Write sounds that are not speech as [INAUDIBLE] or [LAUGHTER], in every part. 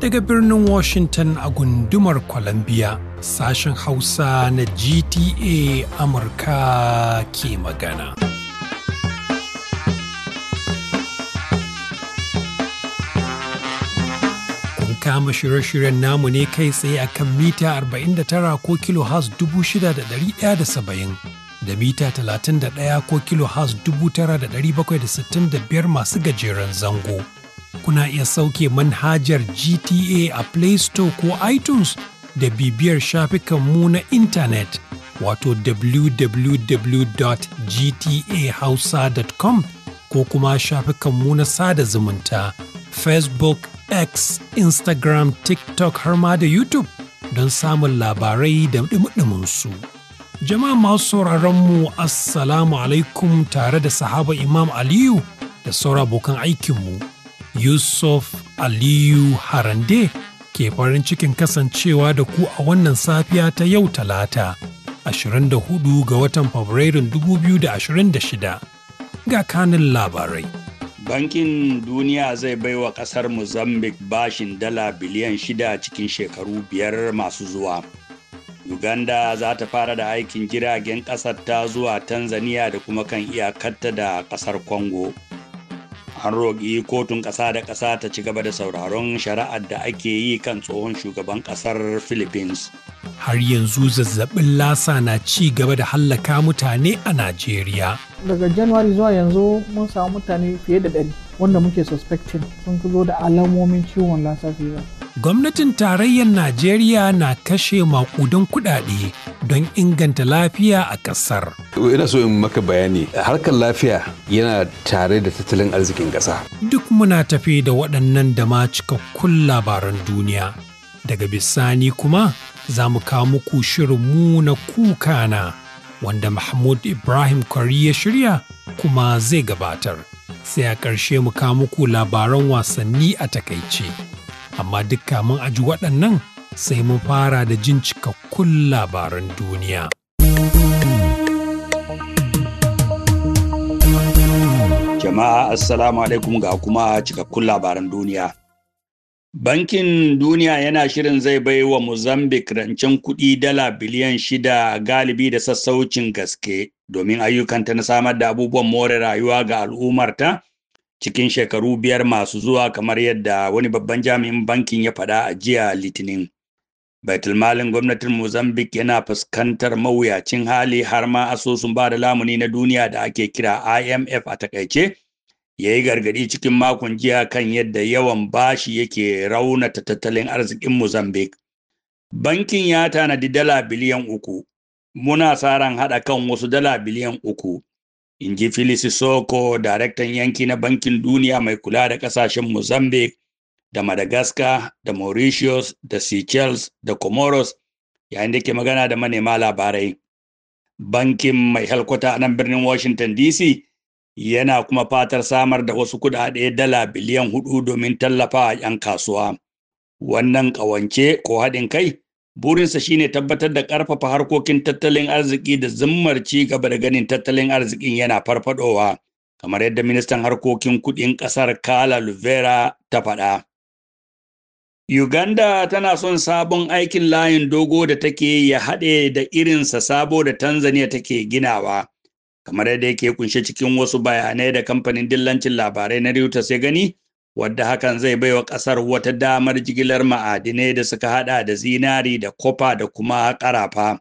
Daga birnin Washington a gundumar Columbia, sashen Hausa na GTA Amurka ke magana. kama shirye-shiryen namu ne kai tsaye a kan mita 49 ko kilo has 6,170 da mita 31 ko kilo has 9765 masu gajeren zango. Kuna iya sauke manhajar GTA a Play Store ko iTunes da bibiyar shafikanmu na intanet wato www.gtahausa.com ko kuma shafikanmu na sada zumunta Facebook, X, Instagram, TikTok har ma da YouTube don samun labarai da ɗumuɗuminsu. su. Jama'a masu sauraronmu Assalamu alaikum tare da sahaba Imam Aliyu da saura abokan aikinmu Yusuf Aliyu Harande ke farin cikin kasancewa da ku a wannan safiya ta yau talata 24 ga watan Fabrairun 2026 ga kanin labarai. Bankin Duniya zai baiwa ƙasar Mozambique bashin dala biliyan shida cikin shekaru biyar masu zuwa. Uganda za ta fara da aikin jiragen ƙasar ta zuwa Tanzania da kuma kan iyakarta da ƙasar Congo. An roƙi kotun ƙasa da ƙasa ta ci gaba da sauraron shari'ar da ake yi kan tsohon shugaban ƙasar Philippines. Har yanzu zazzabin lasa na ci gaba da hallaka mutane a Najeriya. Daga Januwari zuwa yanzu mun samu mutane fiye da ɗari. wanda muke suspecting sun zo da alamomin ciwon lassa fever. Gwamnatin tarayyar Najeriya na kashe makudan kuɗaɗe don inganta lafiya a ƙasar. Ina so in maka bayani harkar lafiya yana tare da tattalin arzikin ƙasa. Duk muna tafi da waɗannan da ma cikakkun labaran duniya. Daga bisani kuma za mu kawo muku shirinmu na kukana wanda Mahmud Ibrahim Kwari ya shirya kuma zai gabatar. sai a ƙarshe mu kawo muku labaran wasanni a takaice. Amma duk mun aji waɗannan sai mun fara da jin cikakkun labaran duniya. Jama'a Assalamu alaikum ga kuma cikakkun labaran duniya. Bankin Duniya yana shirin zai bai wa Mozambique rancen kuɗi dala biliyan shida galibi da sassaucin gaske domin ayyukanta na samar da abubuwan more rayuwa ga al'ummarta cikin shekaru biyar masu zuwa kamar yadda wani babban jami'in bankin ya faɗa a jiya Litinin. Baitulmalin gwamnatin Mozambique yana fuskantar mawuyacin hali har ma asusun ba da lamuni na duniya da ake kira IMF a takaice. ya yi gargaɗi cikin makon jiya kan yadda yawan bashi yake raunata tattalin arzikin Mozambique. Bankin ya tanadi dala biliyan uku, muna sa ran haɗa kan wasu dala biliyan uku, in ji Felis Soko, daraktan yanki na Bankin Duniya mai kula da ƙasashen Mozambique da Madagascar da Mauritius da Seychelles da Comoros yayin da ke magana da manema labarai. Bankin mai halkwata a nan birnin Washington DC yana kuma fatar samar da wasu kuɗaɗe dala biliyan hudu domin tallafa a 'yan kasuwa. Wannan ƙawance ko haɗin kai, burinsa shine tabbatar da ƙarfafa harkokin tattalin arziki da zimmar ci gaba da ganin tattalin arzikin yana farfadowa, kamar yadda ministan harkokin kuɗin ƙasar Kala Luvera ta faɗa. Uganda tana son sabon aikin layin dogo da take ya haɗe da irinsa sabo da Tanzania take ginawa. kamar yadda yake kunshe cikin wasu bayanai da kamfanin dillancin labarai na Reuters ya gani wadda hakan zai baiwa kasar wata damar jigilar ma'adinai da suka hada da zinari da kofa da kuma karafa.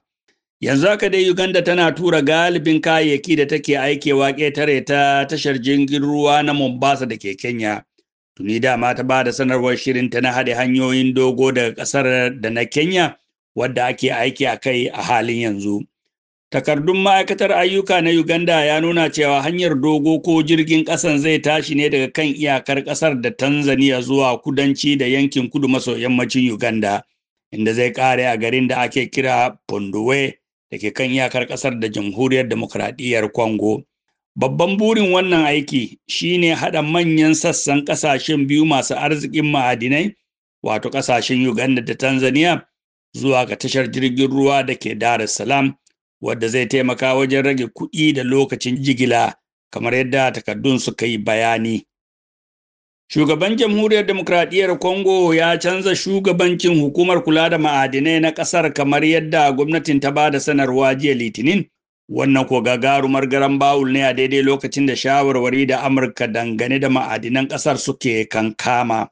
Yanzu haka dai Uganda tana tura galibin kayayyaki da take aikewa tare ta tashar jirgin ruwa na Mombasa da ke Kenya. Tuni dama ta bada sanarwar shirin ta na hade hanyoyin dogo daga ƙasar da na Kenya wadda ake aiki a kai a halin yanzu. Takardun ma'aikatar ayyuka na Uganda ya nuna cewa hanyar dogo ko jirgin ƙasan zai tashi ne daga kan iyakar ƙasar da Tanzania zuwa kudanci da yankin kudu maso yammacin Uganda, inda zai ƙare a garin da ake kira Pondowe da ke kan iyakar ƙasar da Jamhuriyar Demokradiyyar Kongo. Babban burin wannan aiki shi ne haɗa manyan sassan ƙasashen biyu masu arzikin ma'adinai, wato ƙasashen Uganda da Tanzania, zuwa ga tashar jirgin ruwa da ke Dar es Salaam. wadda zai taimaka wajen rage kuɗi da lokacin jigila kamar yadda takardun suka yi bayani. Shugaban Jamhuriyar Demokradiyyar Congo ya canza shugabancin hukumar kula da ma'adinai na ƙasar kamar yadda gwamnatin ta ba da sanarwa jiya Litinin. Wannan ko gagarumar garan bawul ne a daidai lokacin da shawarwari da Amurka dangane da ma'adinan ƙasar suke kankama.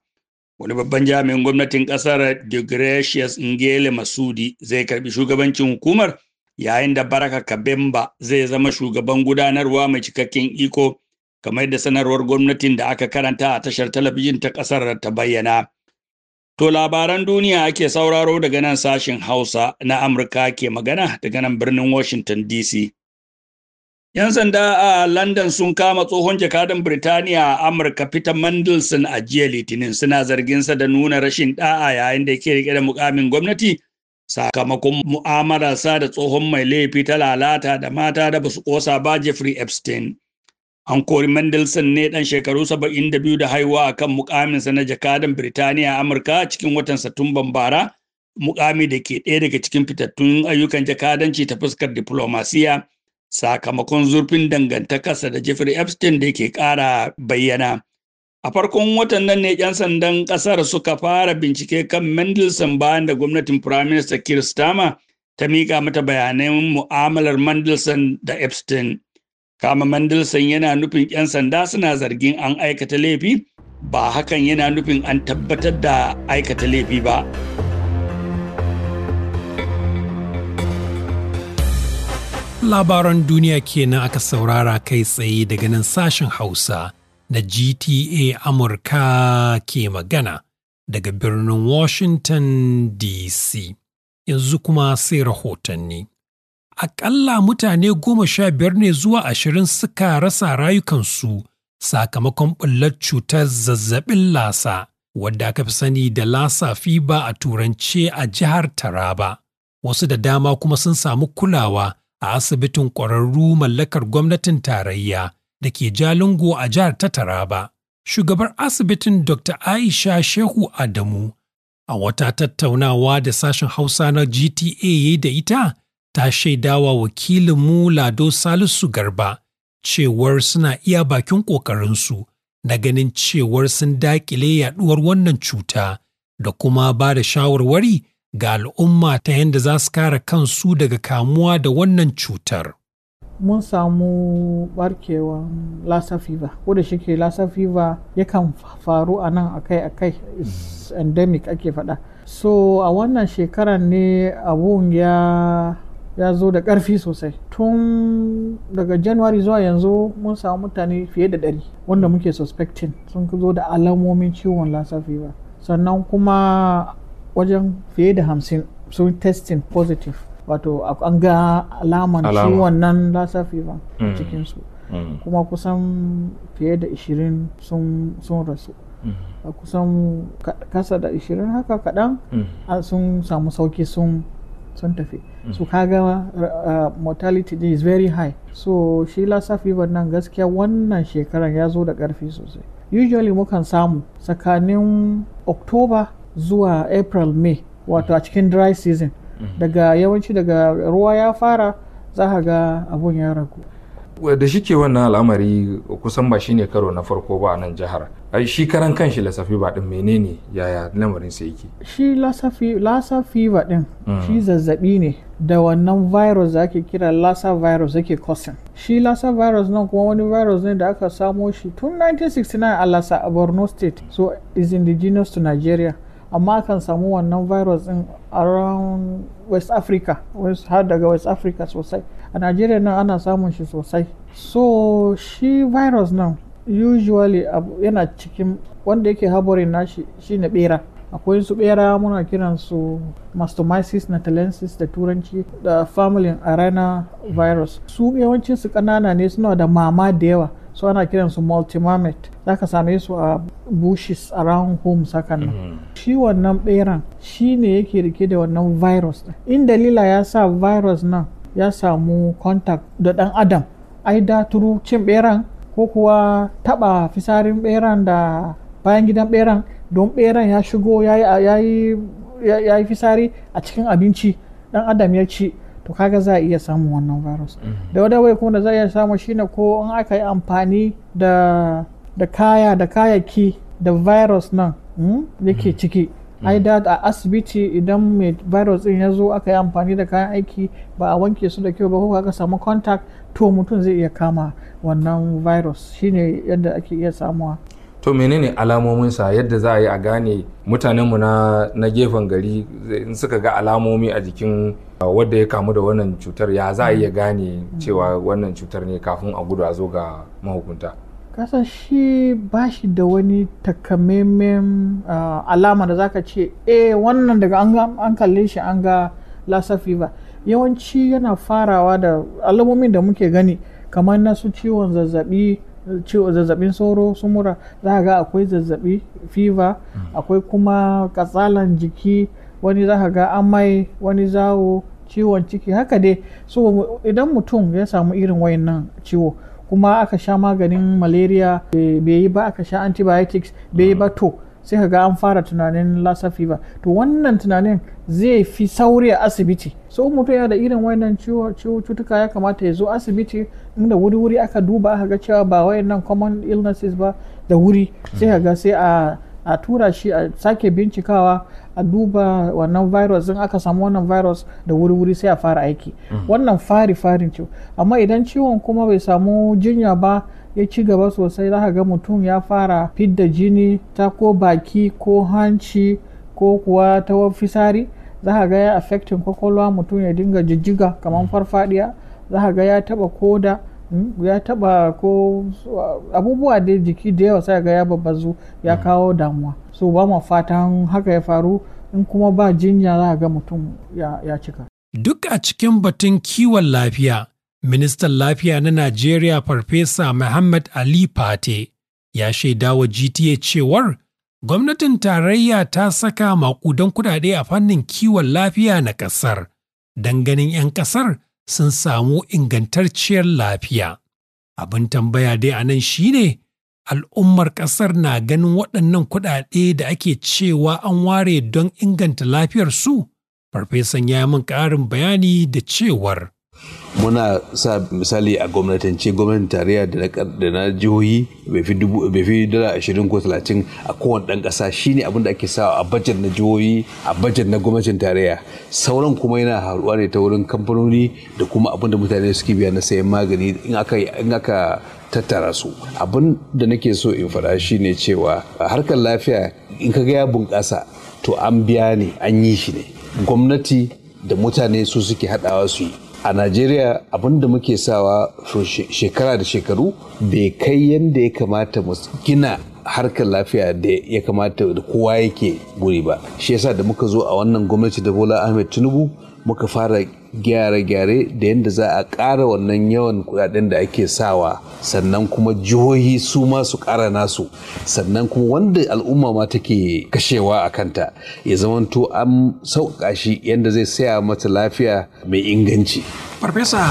Wani babban jami'in gwamnatin ƙasar Degratius Ngele Masudi zai karbi shugabancin hukumar yayin da baraka kabemba zai zama shugaban gudanarwa mai cikakken iko kamar da sanarwar gwamnatin da aka karanta a tashar talabijin ta ƙasar ta bayyana to labaran duniya ake sauraro daga nan sashin hausa na amurka ke magana daga nan birnin washington dc 'Yan sanda a London sun kama tsohon jakadan Birtaniya a Amurka Peter Mandelson a jiya Litinin suna zarginsa da nuna rashin da'a yayin da yake rike da mukamin gwamnati sakamakon sa da tsohon mai laifi ta lalata da mata da basu kosa ba Jeffrey Epstein. An kori Mendelson ne ɗan shekaru 72 da haihuwa a kan mukaminsa na jakadan Birtaniya a Amurka cikin watan Satumban bara, mukami da ke ɗaya daga cikin fitattun ayyukan jakadanci ta fuskar diplomasiya sakamakon zurfin dangantakarsa da Jeffrey Epstein da ke ƙara bayyana. A farkon watan nan ne 'yan sandan ƙasar suka fara bincike kan Mendelssohn bayan da gwamnatin Prime Minister Keir Starmer ta miƙa mata bayanan mu'amalar Mendelssohn da Epstein. Kama Mendelssohn yana nufin 'yan sanda suna zargin an aikata laifi, ba hakan yana nufin an tabbatar da aikata laifi ba. Labaran duniya kenan aka saurara kai tsaye daga nan sashen Hausa. na GTA Amurka ke magana daga birnin Washington DC. Yanzu kuma sai rahotanni. Aƙalla mutane goma sha biyar ne zuwa ashirin suka rasa rayukansu sakamakon ɓullar cutar zazzabin lasa, wadda aka fi sani da lasa ba a turance a jihar Taraba. Wasu da dama kuma sun samu kulawa a asibitin ƙwararru mallakar gwamnatin tarayya. da ke Jalingo a jihar ta Taraba, shugabar asibitin Dr. Aisha Shehu Adamu, a wata tattaunawa da sashen Hausa na GTA ya da ita, ta shaidawa wakilinmu Lado Salisu Garba cewar suna iya bakin ƙoƙarinsu na ganin cewar sun daƙile yaɗuwar wannan cuta da kuma ba da shawarwari ga al'umma ta yadda za su kara kansu daga kamuwa da wannan cutar. mun samu barkewa lassa fever ko da shi ke lassa fever yakan faru a nan akai-akai endemic ake faɗa so a wannan shekarar ne abun ya ya zo da ƙarfi sosai tun daga january zuwa yanzu mun samu mutane fiye da ɗari wanda muke suspectin sun zo da alamomin ciwon lassa fever sannan kuma wajen fiye da hamsin sun testing positive wato an ga alaman shi wannan lassa fever mm. cikinsu mm. kuma kusan fiye da 20 sun rasu mm. A kusan kasa da 20 haka kaɗan sun samu sauki sun sun tafi su kaga mortality is very high so shi lassa fever nan gaskiya wannan shekaran ya zo da ƙarfi sosai usually mukan samu tsakanin october zuwa april may wato a cikin dry season Mm-hmm. daga yawanci daga ruwa ya fara za ka ga abun ya ragu da shi ke wannan al'amari kusan ba shine karo na farko ba a nan jihar shi karan kanshi lasafi ba din menene yaya lamarin sa yake shi lasa fever din mm. shi zazzabi ne da wannan virus da ake kira lasa virus yake causing shi lasa virus nan kuma wani virus ne da aka samo shi tun 1969 a lasa a borno state so is indigenous to nigeria amma kan samu wannan virus din around west africa har daga west africa sosai a nigeria nan ana samun shi sosai so shi virus nan usually yana cikin wanda yake harborin nashi shine bera akwai su bera muna kiran su mastomyces natalensis da turanci da familin arena virus su su kanana ne suna da mama da yawa so ana kiran su multimamet za ka same su a bushes around homes hakan nan mm-hmm. shi wannan beran shi ne yake rike da wannan virus in dalila ya sa virus nan ya samu contact da dan adam aida turu cin beran ko kuwa taba fisarin beran da bayan gidan beran don beran ya shigo ya yi fisari a cikin abinci dan adam ya ci to kaga za a iya samun wannan virus mm-hmm. da wadda wai kuma za a iya samun shine ko in aka yi amfani da kaya da kayaki da virus nan hmm, yake mm-hmm. ciki mm-hmm. ai da a asibiti idan mai virus din ya zo aka yi amfani da kayan aiki ba a wanke su da kyau ba ko kaga samu contact to mutum zai iya kama wannan virus shine yadda ake iya samuwa to menene alamominsa yadda za a yi a gane mutanenmu na gefen gari in suka ga alamomi a jikin Uh, wadda ya kamu da wannan cutar ya za a iya mm. gane mm. cewa wannan cutar ne kafin a gudu a zo ga mahukunta kasa shi ba shi da wani takamaimen uh, alama da zaka ce eh wannan daga an kalle shi an ga lassa fever yawanci yana farawa da alamomin da muke gani kamar nasu ciwon zazzabi ciwon zazzabin sauro su mura za ga akwai zazzabi fever mm. akwai kuma katsalan jiki wani za ka ga amai wani zawo ciwon ciki haka dai so idan mutum ya samu irin wayannan ciwo kuma aka sha maganin malaria bai yi ba aka sha antibiotics bai yi ba to sai ka ga an fara tunanin lassa fever to wannan tunanin zai fi sauri a asibiti so mutum yana da irin wannan cutuka ya kamata ya zo asibiti inda wuri-wuri aka duba aka ga cewa ba wayannan common illnesses ba da wuri sai ka ga sai a a tura shi a sake bincikawa a duba wannan virus in aka samu wannan virus da wuri-wuri sai a fara aiki mm. wannan fari-farin ciwo amma idan ciwon kuma bai samu jinya ba ya ci gaba sosai za ga mutum ya fara fidda jini ta ko baki ko hanci ko kuwa ta fisari za ga ya affecting kwakwalwa mutum ya dinga jijjiga kamar mm. farfadiya za ga ya taba koda ya taba ko abubuwa da jiki da yawa sai ga ya babbazu ya mm. kawo damuwa so ba mu fatan haka ya faru in kuma ba jinya za ga mutum ya cika duk a cikin batun kiwon lafiya ministan lafiya na najeriya farfesa muhammad ali fate ya shaida wa gta cewar gwamnatin tarayya ta saka makudan kudade a fannin kiwon lafiya na kasar don ganin 'yan kasar sun samu ingantacciyar lafiya. Abin tambaya dai a nan shi ne, al'ummar ƙasar na ganin waɗannan kuɗaɗe da ake cewa an ware don inganta lafiyarsu? Farfesan ya min ƙarin bayani da cewar muna sa misali a gwamnatance gwamnatin tarayya da na jihohi bai fi dala ashirin ko talatin a kowane ɗan ƙasa shine abin da ake sawa a bajet na jihohi a bajet na gwamnatin tarayya sauran kuma yana haruwa ne ta wurin kamfanoni da kuma abin da mutane suke biya na sayan magani in aka tattara su abin da nake so in faɗa shine cewa harkar lafiya in ka ga ya bunƙasa to an biya ne an yi shi ne gwamnati da mutane su suke haɗawa su yi a najeriya da muke sawa shekara da shekaru bai kai yadda ya kamata mu gina harkar lafiya da ya kamata da kowa yake guri ba shi yasa da muka zo a wannan gwamnati da bola ahmed tinubu muka fara gyare-gyare da yadda za a ƙara wannan yawan kudaden da ake sawa sannan kuma jihohi su ma su ƙara nasu sannan kuma wanda al'umma ma take kashewa a kanta ya zamanto an sauƙa shi yadda zai saya mata lafiya mai inganci farfesa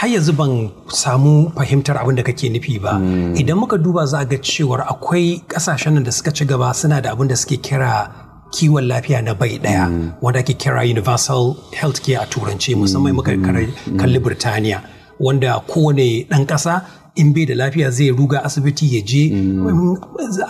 har yanzu ban samu fahimtar abin da kake nufi ba hmm. idan muka duba za a ga cewar akwai ƙasashen da suka ci gaba suna da abin da suke kira kiwon lafiya na bai daya mm. wanda ake kira universal healthcare a turance musamman muka mm. Mm. kalli birtaniya wanda kowane ɗan ƙasa in bai da lafiya zai ruga asibiti ya je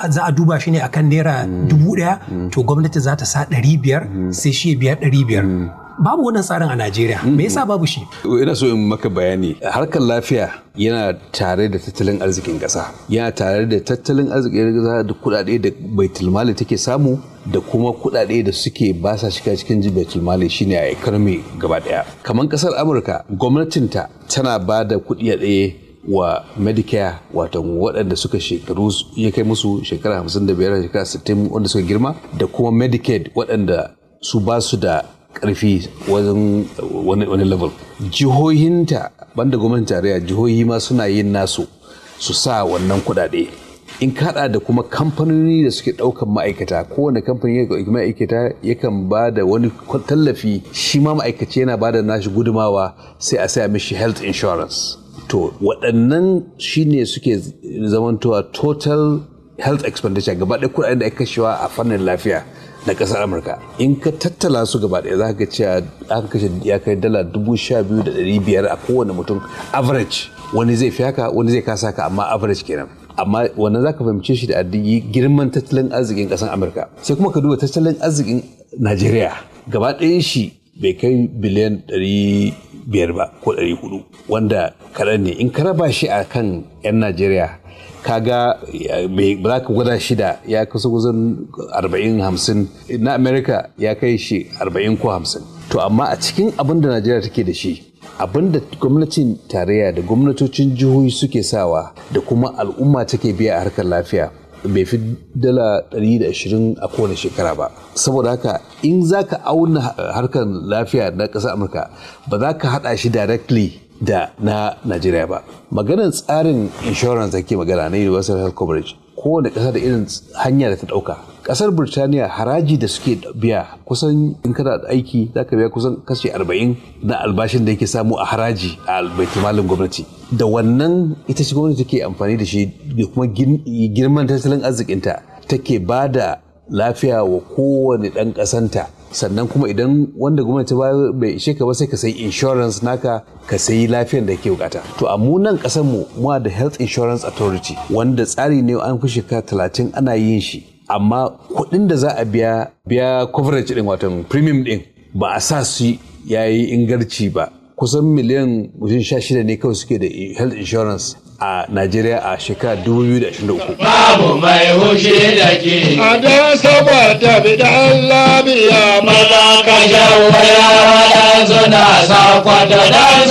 za a duba shi ne akan naira dubu ɗaya to gwamnati za ta sa ɗari biyar sai shi ya biya ɗari babu wannan tsarin a Najeriya me yasa babu shi ina so in maka bayani harkar lafiya yana tare da tattalin arzikin ƙasa yana tare da tattalin arzikin ƙasa da kuɗaɗe da bai baitulmali take samu da kuma kuɗaɗe da suke ba sa shiga cikin baitul mali shine a ekonomi gaba ɗaya kamar ƙasar amurka gwamnatinta tana ba da kuɗi a ɗaya wa medicare wato waɗanda suka shekaru ya kai musu shekara 55 shekara 60 wanda suka girma da kuma medicaid waɗanda su ba su da karfi wajen wani level jihohinta banda gwamnatin tarayya jihohi ma suna yin nasu su sa wannan kudade in kaɗa da kuma kamfanoni da suke ɗaukan ma'aikata kowane kamfani ya ma'aikata yakan ba da wani tallafi shi ma ma'aikaci yana ba da nashi gudumawa sai a saya mishi health insurance to waɗannan shine suke zamantowa total health expenditure gaba ɗaya kuɗaɗen da aka kashewa a fannin lafiya na ƙasar amurka in ka tattala su gaba ɗaya za ka cewa an kashe ya kai dala dubu sha biyu da ɗari biyar a kowane mutum average wani zai fi haka wani zai kasa ka amma average kenan amma wannan za ka fahimce shi da addini girman tattalin arzikin ƙasar amurka sai kuma ka duba tattalin arzikin najeriya gaba ɗayan shi bai kai biliyan ɗari biyar ba ko ɗari hudu wanda kaɗan ne in ka raba shi a kan 'yan najeriya kaga ba za ka gwada shida ya kusa kusan 40-50 na america ya kai shi 40 ko 50 to amma a cikin abin da najeriya take da shi abin da gwamnatin tarayya da gwamnatocin jihohi suke sawa da kuma al'umma take biya a harkar lafiya bai fi dala 120 a kowane shekara ba saboda haka in za ka auna harkar lafiya na ƙasar amurka ba za ka haɗa shi directly da na Najeriya ba. Maganar tsarin insurance da ke magana na Universal Health Coverage kowane kasa da irin hanya da ta ɗauka. Ƙasar burtaniya haraji da suke biya kusan in kana aiki za ka biya kusan kashe arba'in na albashin da yake samu a haraji a baitimalin gwamnati. Da wannan ita shi gwamnati take amfani da shi da kuma girman tattalin arzikinta take ba da lafiya wa kowane ɗan ƙasanta sannan kuma idan wanda gwamnati ba bai ishe ka ba sai ka sayi insurance naka ka sayi lafiyar da ke bukata to a mu nan kasar mu muna da health insurance authority wanda tsari ne an fi shekara talatin ana yin shi amma kuɗin da za a biya biya coverage din watan premium din ba a sa su yayi ingarci ba kusan miliyan 16 ne kawai suke da health insurance a Najeriya a shekara 2023. Babu mai hushe da ke. A da ta saboda bidan labiya maza ka shawo yara suna sa kwata da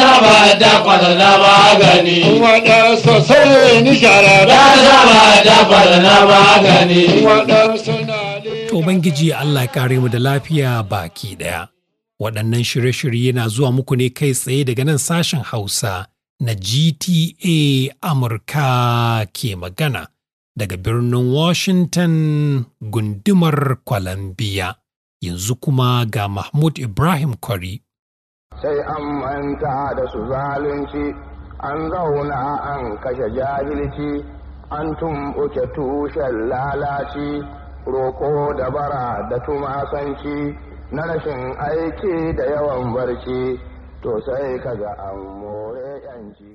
ta kwata na magani. Waɗansu sai ni shara da ta kwata na magani. Waɗansu na To Bangiji Allah ya kare mu da lafiya baki ɗaya. Waɗannan shirye-shirye na zuwa muku ne kai tsaye daga nan sashen Hausa. na GTA Amurka ke magana daga birnin Washington gundumar Columbia. Yanzu kuma ga Mahmud Ibrahim Kwari. Sai an manta da su zalunci, an zauna an kashe jahilci, an tumɓuke tushen lalaci, roƙo da bara da tumasanci, na rashin aiki da yawan barci, to sai kaga an more.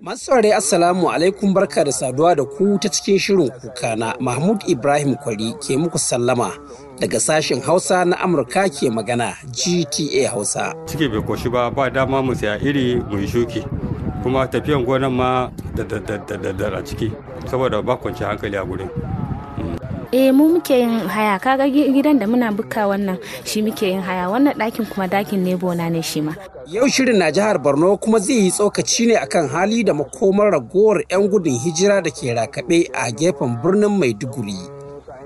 Masaure Assalamu alaikum barka da saduwa da ku ta cikin shirin kuka na Mahmud Ibrahim Kwari ke muku sallama daga sashen Hausa na Amurka ke magana GTA Hausa. Cike bai koshi ba ba dama mu saya iri mu yi shuki kuma tafiyan gonan ma da da a ciki saboda ba kwanci hankali a gurin. eh mu muke yin haya kaga gidan da muna buka wannan shi muke yin haya wannan dakin kuma dakin ne bona ne shi ma yau shirin na jihar borno kuma zai yi tsokaci ne akan hali da makomar ragowar 'yan gudun hijira da ke rakabe a gefen birnin maiduguri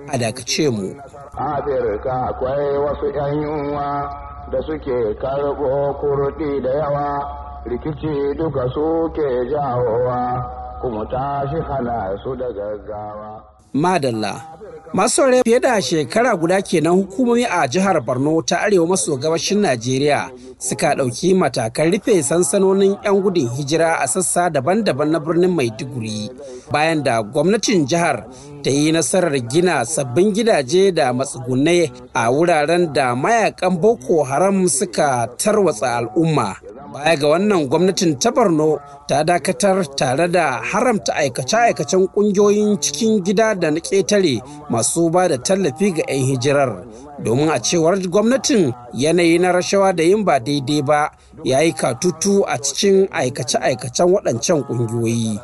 a dakace mu afirka akwai wasu 'yan yunwa da suke karɓo kurɗi da yawa rikici duka suke jawowa kuma tashi hana su da gaggawa. Madalla masaure fiye da shekara guda kenan hukumomi a jihar borno ta arewa maso gabashin najeriya suka ɗauki matakan rufe sansanonin 'yan gudun hijira a sassa daban-daban na birnin maiduguri bayan da gwamnatin jihar ta yi nasarar gina sabbin gidaje da matsugunai a wuraren da mayakan boko haram suka tarwatsa al'umma baya ga wannan gwamnatin ta borno ta dakatar tare da haramta aikace-aikacen ƙungiyoyin cikin gida da na ƙetare masu ba da tallafi ga 'yan hijirar domin a cewar gwamnatin yanayi na rashawa da yin ba daidai ba ya yi katutu a cikin aikace-aikacen waɗancan ƙungiyoyi.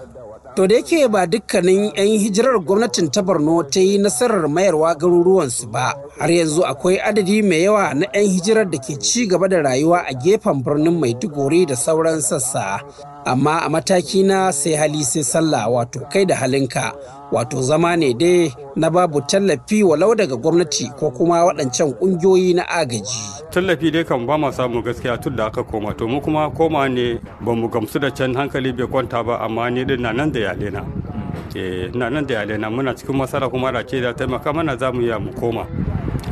To da yake ba dukkanin 'yan hijirar gwamnatin ta Borno ta yi nasarar mayarwa garuruwansu ba, har yanzu akwai adadi mai yawa na 'yan hijirar da ke ci gaba da rayuwa a gefen birnin Maiduguri da sauran sassa. amma a mataki na sai hali sai sallah wato kai da halinka wato zama ne dai na babu tallafi walau daga gwamnati ko kuma waɗancan ƙungiyoyi na agaji. tallafi dai kan ba ma samu gaskiya tun da aka koma to mu kuma koma ne ba mu gamsu da can hankali bai kwanta ba amma ni din nan da yaɗe na nan da yaɗe eh, na muna cikin masara kuma da da taimaka mana za mu iya mu koma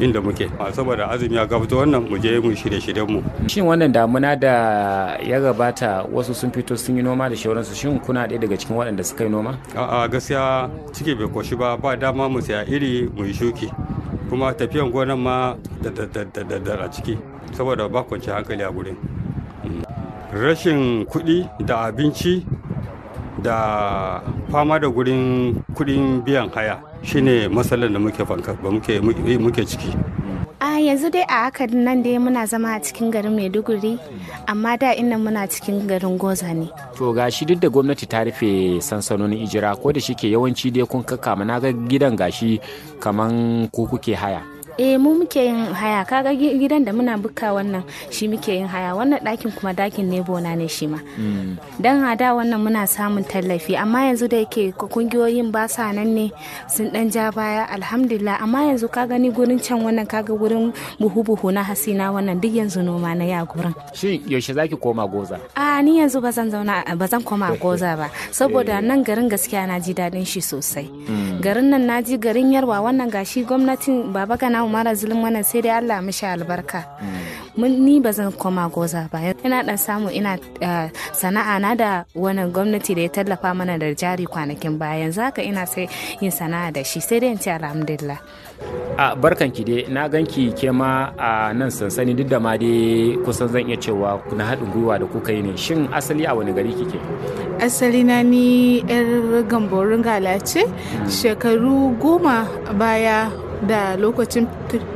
inda muke saboda azumi ya gabata wannan mu je mu shirye shiryen mu shin wannan damuna da ya gabata wasu sun fito sun yi noma da shauransu shin kuna ɗaya daga cikin waɗanda suka yi noma a'a gaskiya cike bai koshi ba ba dama mu saya iri mu yi shuki kuma tafiyan gonan ma da a ciki saboda ba kwanci hankali a gurin rashin kuɗi da abinci da fama da gurin kuɗin biyan haya shine matsalar da muke muke ciki a yanzu dai a haka nan dai muna zama a cikin garin maiduguri amma da inda muna cikin garin goza ne to gashi duk da gwamnati ta rufe sansanonin ijira ko da shi ke yawanci dai kun kakka na ga gidan gashi kaman ku kuke haya eh mu muke yin haya kaga gidan da muna buka wannan shi muke yin haya wannan dakin kuma dakin ne bona ne shi ma mm. dan hada wannan muna samun tallafi amma yanzu da yake kungiyoyin ba sa nan ne sun dan ja baya alhamdulillah amma yanzu ka gani gurin can wannan kaga gurin buhu buhu na hasina wannan duk yanzu noma na ya gurin shin yaushe zaki koma goza a ni yanzu ba zan zauna ba koma [LAUGHS] goza ba saboda eh. nan garin gaskiya na ji daɗin shi sosai mm. garin nan na ji garin yarwa wannan gashi gwamnatin baba gana na umara zulmanan sai dai allah mishi albarka ni ba zan koma goza ba ina dan samu ina eh, sana'a na da wani gwamnati da ya tallafa mana da jari kwanakin baya yanzu haka ina sai yin sana'a da shi sai dai in ce alhamdulillah a barkanki dai na ganki ke ma a nan sansani duk da ma dai kusan zan iya cewa na haɗin gwiwa da kuka yi ne shin asali a wani gari kike asali na ni yar gamborin gala ce hmm. shekaru goma baya da lokacin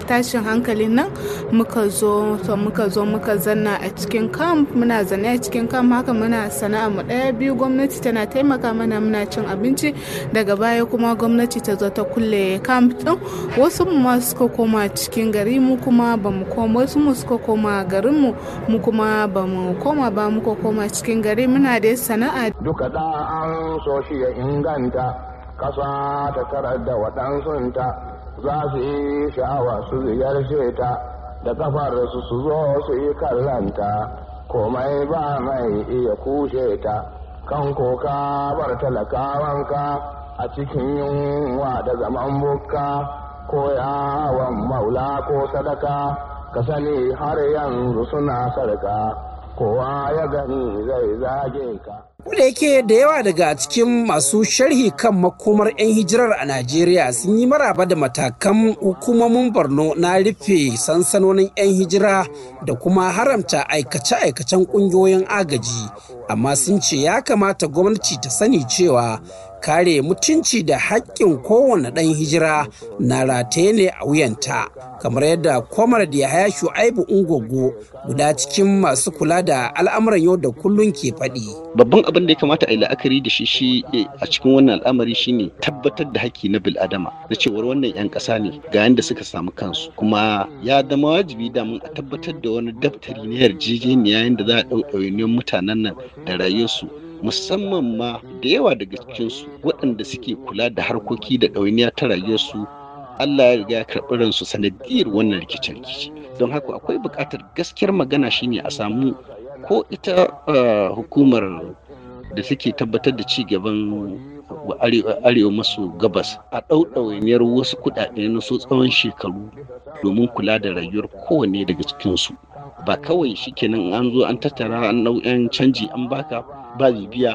tashin hankalin nan muka zo muka zo muka zanna a cikin camp muna zane a cikin camp haka muna sana'a mu daya biyu gwamnati tana taimaka mana muna cin abinci daga baya kuma gwamnati ta zo ta kulle camp din wasu mu ma suka koma cikin gari mu kuma ba mu koma wasu mu suka koma garin mu mu kuma ba mu koma ba mu koma cikin gari muna da sana'a duka da an so shi ya inganta kasa ta tarar da waɗansunta za su yi sha'awa su ziyarce ta da kafarsu su zo su yi kallanta komai ba mai iya kushe ta kan koka bar talakawanka a cikin yunwa da zaman bukka ko yawan maula ko sadaka ka sani har yanzu suna sarka. kowa ya gani zai zage ka. da yake da yawa daga cikin masu sharhi kan makomar 'yan hijirar a Najeriya sun yi maraba da matakan hukumomin Borno na rufe sansanonin 'yan hijira da kuma haramta aikace-aikacen ƙungiyoyin agaji, amma sun ce ya kamata gwamnati ta sani cewa kare mutunci da haƙƙin kowane ɗan hijira na rataye ne a wuyanta kamar yadda kwamar da ya haya shu'aibu ungogo guda cikin masu kula da al'amuran yau da kullun ke faɗi. babban abin da ya kamata a yi la'akari da shi shi eh, a cikin wannan al'amari shine tabbatar da haƙƙi na bil'adama na cewar wannan 'yan ƙasa ne ga yadda suka samu kansu kuma ya zama wajibi da mun a tabbatar da wani daftari na yarjejeniya da za a ɗauɗauyen mutanen nan da rayuwarsu musamman ma da yawa daga cikinsu waɗanda suke kula da harkoki da ɗawainiya ta rayuwarsu Allah ya riga ya karɓi ransu sanadiyar wannan rikice-rikice don haka akwai buƙatar gaskiyar magana shine a samu ko ita eh, hukumar da suke tabbatar da ci gaban arewa maso gabas a ɗauɗawainiyar wasu kuɗaɗe na so tsawon shekaru domin kula da rayuwar kowane daga cikinsu ba kawai shi shikenan an zo an tattara an nau'in canji an baka ba bibiya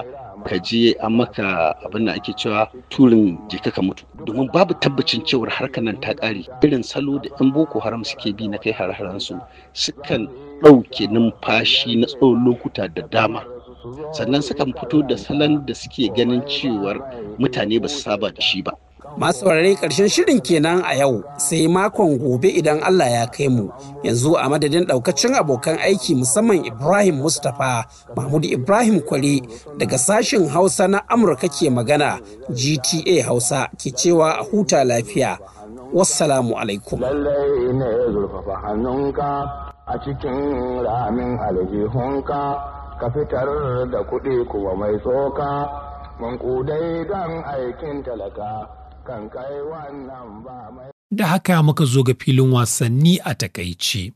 ka je an maka abin da ake cewa turin jika ka mutu domin babu tabbacin cewar harkar nan ta ƙare irin salo da 'yan boko haram suke bi na kai hararansu sukan ɗauke numfashi na tsawon lokuta da dama sannan sukan fito da salon da suke ganin cewar mutane ba su saba da shi ba masu saurare karshen shirin kenan a yau sai makon gobe idan Allah ya kai mu yanzu a madadin daukacin abokan aiki musamman Ibrahim Mustapha Mahmud Ibrahim Kwale daga sashen Hausa na Amurka ke magana GTA Hausa ke cewa a huta lafiya wassalamu alaikum lallai zurfafa a cikin ramin aljihunka ka fitar da kuɗi kuma mai tsoka, mankudai don aikin talaka. Da haka muka zo ga filin wasanni a takaici.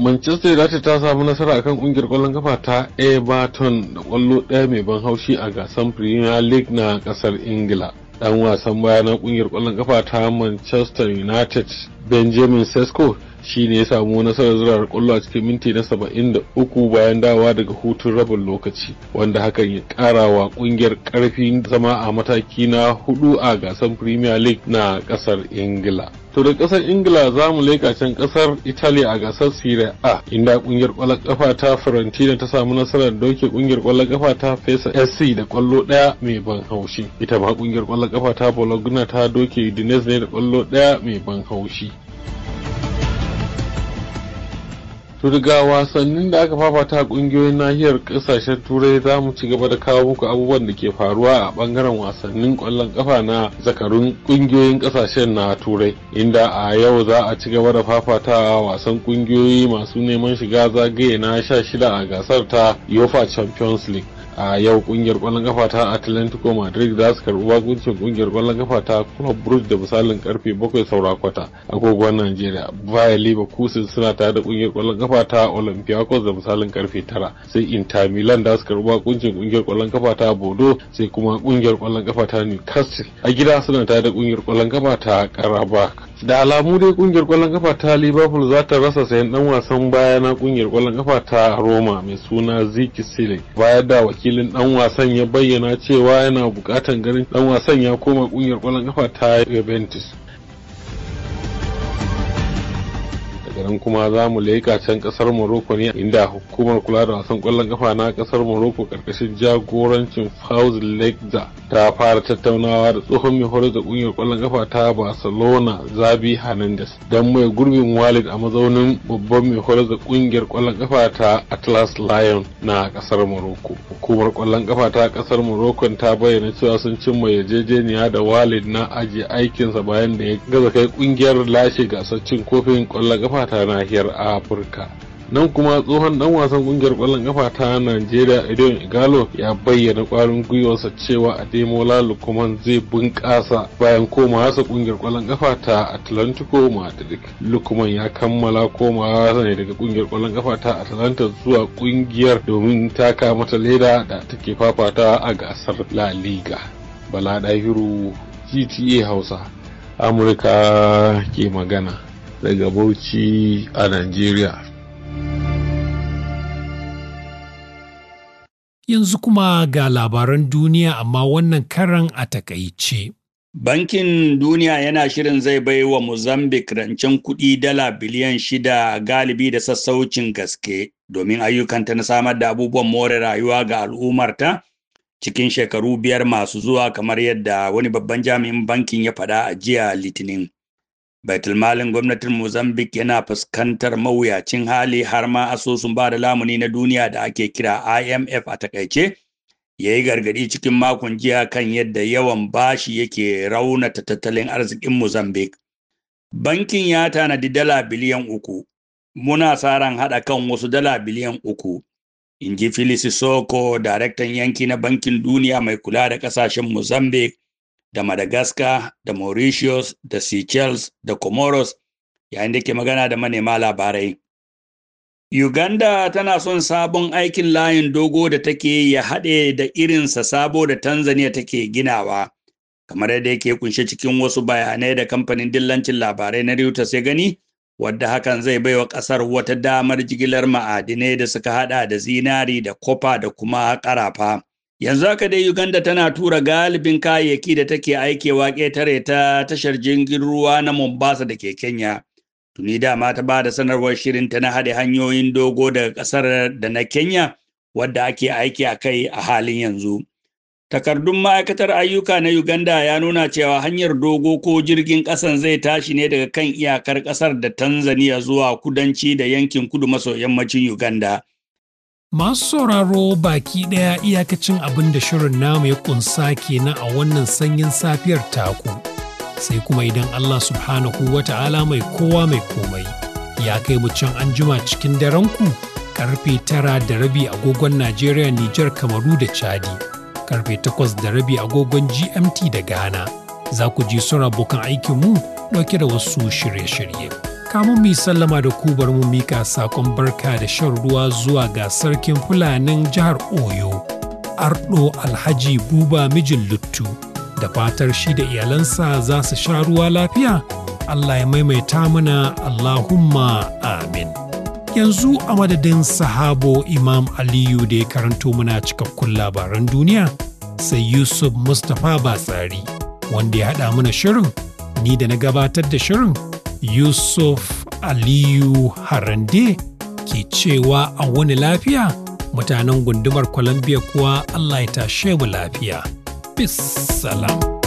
Manchester United ta samu nasara akan kungiyar kwallon kafa ta Everton da kwallo ɗaya mai ban haushi a gasar Premier League na ƙasar Ingila. Dan wasan baya na kungiyar kwallon kafa ta Manchester United benjamin sesko shi ne ya samu nasarar zirar kwallo a cikin minti na 73 bayan dawa daga hutun rabin lokaci wanda hakan ya kara wa kungiyar karfin zama a mataki na hudu a gasar premier league na kasar ingila to da kasar ingila za mu leka can kasar italy a gasar serie a inda kungiyar kwallon kafa ta farantina ta samu nasarar doke kungiyar kwallon kafa ta fesa sc da kwallo daya mai ban haushi ita ma kungiyar kwallon kafa ta bologna ta doke udinese ne da kwallo daya mai ban haushi to wasannin da aka fafata kungiyoyin nahiyar kasashen turai za mu ci gaba da kawo muku abubuwan da ke faruwa a bangaren wasannin kwallon kafa na zakarun kungiyoyin kasashen na turai inda a yau za a ci gaba da fafata wasan kungiyoyi masu neman shiga zagaye na 16 a gasar ta yofa champions league a yau kungiyar kwallon kafa ta atlantico madrid za su karbi bakuncin kungiyar kwallon kafa ta club brugge da misalin karfe 7 saura kwata agogon nigeria baya liba leverkusen suna tare da kungiyar kwallon kafa ta olympiacos da misalin karfe 9 sai inter milan za su karbi bakuncin kungiyar kwallon kafa ta bodo sai kuma kungiyar kwallon kafa ta newcastle a gida suna tare da kungiyar kwallon kafa ta karabak da alamu dai kungiyar kwallon kafa ta liverpool za ta rasa sayan dan wasan baya na kungiyar kwallon kafa ta roma mai suna ziki sile bayar da wakil wakilin dan wasan ya bayyana cewa yana bukatan ganin dan wasan ya koma kungiyar kwallon kafa ta Juventus daga kuma za mu leƙa can ƙasar morocco ne inda hukumar kula da wasan ƙwallon ƙafa na ƙasar morocco karkashin jagorancin Fouz legza ta fara tattaunawa da tsohon mai horar da ƙungiyar ƙwallon kafa ta barcelona zabi hernandez dan mai gurbin walid a mazaunin babban mai horar da ƙungiyar kwallon kafa ta atlas lion na ƙasar morocco hukumar ƙwallon kafa ta ƙasar morocco ta bayyana cewa sun cimma yarjejeniya da walid na ajiye aikinsa bayan da ya gaza kai ƙungiyar lashe gasar cin kofin ƙwallon kafa ta nahiyar afirka nan kuma tsohon dan wasan kungiyar kwallon kafa ta Najeriya Edwin Igalo ya bayyana kwarin gwiwarsa cewa Ademola Lukman zai bunƙasa bayan wasa kungiyar kwallon kafa ta Atlantico Madrid. Lukman ya kammala wasa ne daga kungiyar kwallon kafa ta Atlanta zuwa kungiyar domin taka mata leda da take fafata a gasar La Liga. Bala Dahiru GTA Hausa Amurka ke magana. daga Bauchi a Najeriya. Yanzu kuma ga labaran duniya amma wannan karan a takaice. Bankin Duniya yana shirin zai bai wa Mozambique rancen kuɗi dala biliyan shida galibi da sassaucin gaske domin ayyukanta na samar da abubuwan more rayuwa ga al'ummarta cikin shekaru biyar masu zuwa kamar yadda wani babban jami'in bankin ya faɗa a jiya Litinin. baitulmalin gwamnatin mozambique yana fuskantar mawuyacin hali har ma asusun ba da lamuni na duniya da ake kira imf a takaice ya yi gargadi cikin makon jiya kan yadda yawan bashi yake raunata tattalin arzikin mozambique bankin ya tanadi dala biliyan uku muna sa ran haɗa kan wasu dala biliyan uku in ji soko daraktan yanki na bankin duniya mai kula da ƙasashen mozambique da Madagascar da Mauritius da Seychelles da Comoros yayin da ke magana da manema labarai. Uganda tana son sabon aikin layin dogo da take ya haɗe da irinsa sabo da Tanzania take ginawa. Kamar yadda yake kunshe cikin wasu bayanai da kamfanin dillancin labarai na Reuters ya gani, wadda hakan zai baiwa ƙasar wata damar jigilar ma'adinai da suka haɗa da zinari da kofa da kuma ƙarafa. Yanzu haka dai Uganda tana tura galibin kayayyaki da take aikewa ƙetare ta tashar jirgin ruwa na Mombasa da ke Kenya. Tuni dama ta ba da sanarwar shirin ta na haɗe hanyoyin dogo daga ƙasar da na Kenya wadda ake aiki a kai a halin yanzu. Takardun ma'aikatar ayyuka na Uganda ya nuna cewa hanyar dogo ko jirgin ƙasan zai tashi ne daga kan iyakar ƙasar da Tanzania zuwa kudanci da yankin kudu maso yammacin Uganda. Masu sauraro baki ɗaya iyakacin abin da shirin namu ya kunsa kenan a wannan sanyin safiyar taku. Sai kuma idan Allah subhanahu wa ta'ala mai kowa mai komai ya kai mu can anjima jima cikin darenku karfe tara da rabi agogon Najeriya Nijar Kamaru da Chadi, karfe takwas da rabi agogon GMT da Ghana. Za ku ji sura abokan aikinmu ɗauke da wasu shirye-shirye. kamun mu sallama da ku bari mu mika sakon barka da shan ruwa zuwa ga sarkin fulanin jihar oyo ardo alhaji buba mijin luttu da fatar shi da iyalansa za su sha ruwa lafiya allah ya maimaita mana allahumma amin yanzu a madadin sahabo imam aliyu da ya karanto mana cikakkun labaran duniya sai yusuf mustapha batsari wanda ya haɗa mana shirin ni da na gabatar da shirin Yusuf Aliyu Harande ke cewa a wani lafiya mutanen gundumar Columbia kuwa Allah ya tashe mu lafiya. Bis